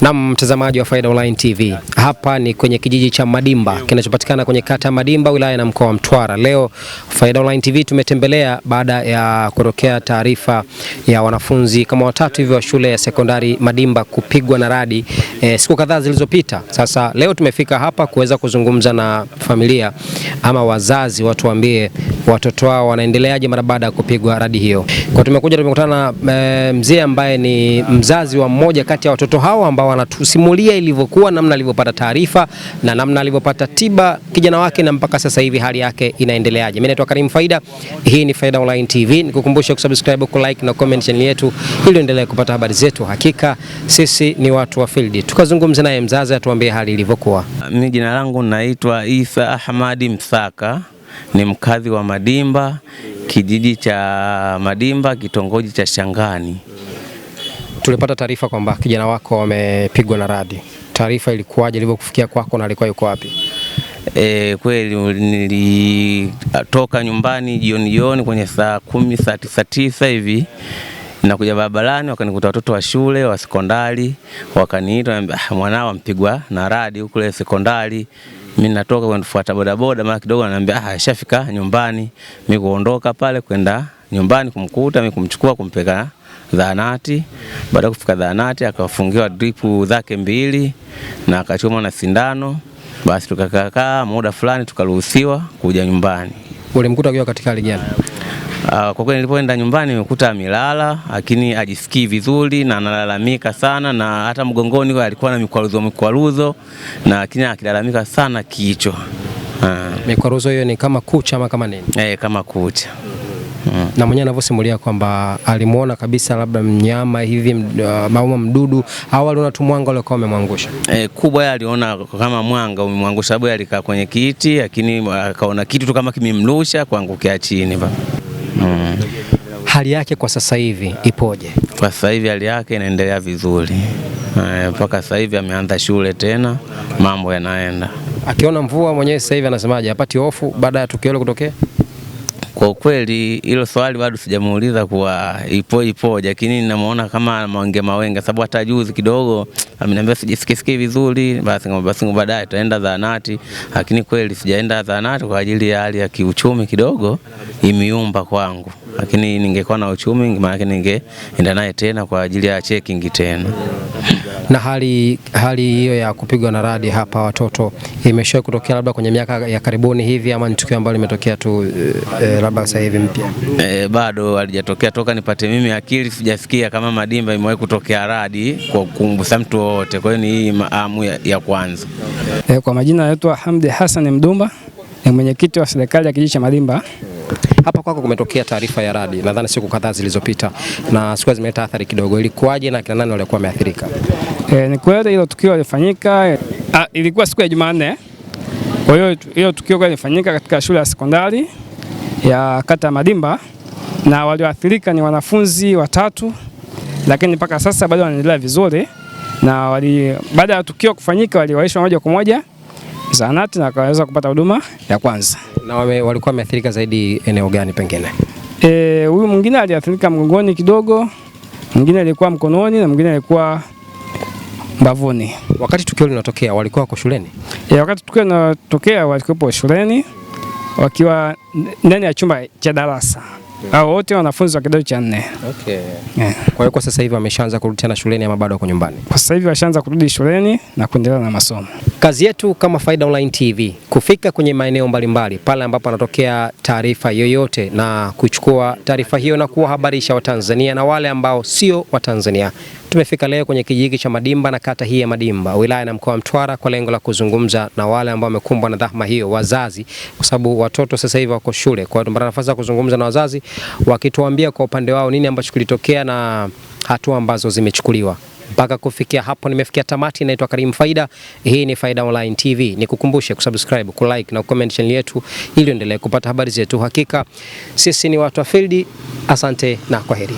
Na mtazamaji wa Faida Online TV, hapa ni kwenye kijiji cha Madimba kinachopatikana kwenye kata ya Madimba wilaya na mkoa wa Mtwara. Leo Faida Online TV tumetembelea baada ya kutokea taarifa ya wanafunzi kama watatu hivyo wa shule ya sekondari Madimba kupigwa na radi e, siku kadhaa zilizopita. Sasa leo tumefika hapa kuweza kuzungumza na familia ama wazazi, watuambie watoto wao wanaendeleaje mara baada ya kupigwa radi hiyo. Kwa tumekuja tumekutana na e, mzee ambaye ni mzazi wa mmoja kati ya watoto hao ambao wanatusimulia ilivyokuwa, namna alivyopata taarifa na namna alivyopata tiba kijana wake, na mpaka sasa hivi hali yake inaendeleaje. Mimi naitwa Karim Faida, hii ni Faida Online TV, nikukumbusha kusubscribe, kulike na comment channel yetu ili uendelee kupata habari zetu. Hakika sisi ni watu wa field tukazungumza naye mzazi atuambie hali ilivyokuwa. Mimi jina langu naitwa Isa Ahmadi Msaka, ni mkazi wa Madimba, kijiji cha Madimba, kitongoji cha Shangani. Tulipata taarifa kwamba kijana wako wamepigwa na radi. Taarifa ilikuwaje ilivyokufikia kwako na alikuwa yuko wapi? E, kweli nilitoka nyumbani jioni jioni kwenye saa kumi saa tisa hivi nakuja barabarani, wakanikuta watoto wa shule wa sekondari, wakaniita wanambia, ah, mwanao ampigwa na radi huko sekondari. Mimi natoka kwenda kufuata bodaboda, mara kidogo ananiambia ah, ashafika nyumbani. Mimi kuondoka pale kwenda nyumbani kumkuta, mimi kumchukua kumpeka zahanati. Baada ya kufika zahanati, akafungiwa dripu zake mbili na akachomwa na sindano. Basi tukakaa muda fulani, tukaruhusiwa kuja nyumbani. Ulimkuta akiwa katika hali gani? Ah, kwa kweli nilipoenda nyumbani nimekuta amelala, lakini ajisikii vizuri na analalamika sana, na hata mgongoni alikuwa na mikwaruzo mikwaruzo, na lakini akilalamika sana kichwa. Ah. Mikwaruzo hiyo ni kama kucha ama kama nini? Eh, kama kucha Hmm. Na mwenyewe anavyosimulia kwamba alimuona kabisa labda mnyama hivi uh, mauma mdudu au aliona tu mwanga uliokuwa umemwangusha. E, kubwa yeye aliona kama mwanga umemwangusha, sababu alikaa kwenye kiti, lakini akaona kitu tu kama kimemrusha kuangukia chini. Mm. Hali yake kwa sasa hivi ipoje? Kwa sasa hivi hali yake inaendelea vizuri eh, mpaka e, sasa hivi ameanza shule tena, mambo yanaenda. Akiona mvua mwenyewe sasa hivi anasemaje? apati hofu baada ya tukio hilo kutokea? Kwa kweli hilo swali bado sijamuuliza kuwa ipo ipo, lakini ninamuona kama mawenge mawenga, sababu hata juzi kidogo ameniambia sijisikisiki vizuri, basi basi baadaye tutaenda zahanati, lakini kweli sijaenda zahanati kwa ajili ya hali ya kiuchumi kidogo imiumba kwangu, lakini ningekuwa na uchumi maana ningeenda naye tena kwa ajili ya checking tena na hali hali hiyo ya kupigwa na radi hapa watoto imeshawahi kutokea labda kwenye miaka ya karibuni hivi, ama ni tukio ambalo limetokea tu e, labda sasa hivi mpya? E, bado halijatokea toka nipate mimi akili, sijafikia kama Madimba imewahi kutokea radi kwa kumbusa mtu wowote. Kwa hiyo ni hii amu ya, ya kwanza. E, kwa majina naitwa Hamdi Hassan Mdumba, ni mwenyekiti wa serikali ya kijiji cha Madimba. Hapa kwako kumetokea taarifa ya radi, nadhani siku kadhaa zilizopita, na siku zimeleta athari kidogo. Ilikuwaje na kina nani walikuwa wameathirika? E, ni kweli hilo tukio lilifanyika, ah, ilikuwa siku ya Jumanne. Kwa hiyo hilo tukio lilifanyika katika shule ya sekondari ya kata ya Madimba na walioathirika ni wanafunzi watatu, lakini mpaka sasa bado wanaendelea vizuri, na baada ya tukio kufanyika waliwaishwa moja kwa moja zahanati na wakaweza kupata huduma ya kwanza. Na wame, walikuwa wameathirika zaidi eneo gani pengine? E, huyu mwingine aliathirika mgongoni kidogo, mwingine alikuwa mkononi na mwingine alikuwa mbavuni. Wakati tukio linatokea walikuwa wako shuleni? E, wakati tukio linatokea walikuwa shuleni wakiwa ndani ya chumba cha darasa au wote wanafunzi wa kidato cha nne. Okay. Yeah. Kwa hiyo kwa sasa hivi wameshaanza kurudi tena shuleni ama bado wako nyumbani? Kwa sasa hivi washaanza kurudi shuleni na kuendelea na masomo. Kazi yetu kama Faida Online TV kufika kwenye maeneo mbalimbali pale ambapo anatokea taarifa yoyote na kuchukua taarifa hiyo na kuwahabarisha Watanzania na wale ambao sio Watanzania. Tumefika leo kwenye kijiji cha Madimba na kata hii ya Madimba, wilaya na mkoa wa Mtwara, kwa lengo la kuzungumza na wale ambao wamekumbwa na dhahma hiyo, wazazi, kwa sababu watoto sasa hivi wako shule. Kwa hiyo tumepata nafasi ya kuzungumza na wazazi, wakituambia kwa upande wao nini ambacho kilitokea na hatua ambazo zimechukuliwa. Mpaka kufikia hapo nimefikia tamati. Naitwa Karim Faida, hii ni Faida Online TV. Nikukumbushe kusubscribe, kulike na comment channel yetu ili uendelee kupata habari zetu. Hakika sisi ni watu wa field. Asante na kwaheri.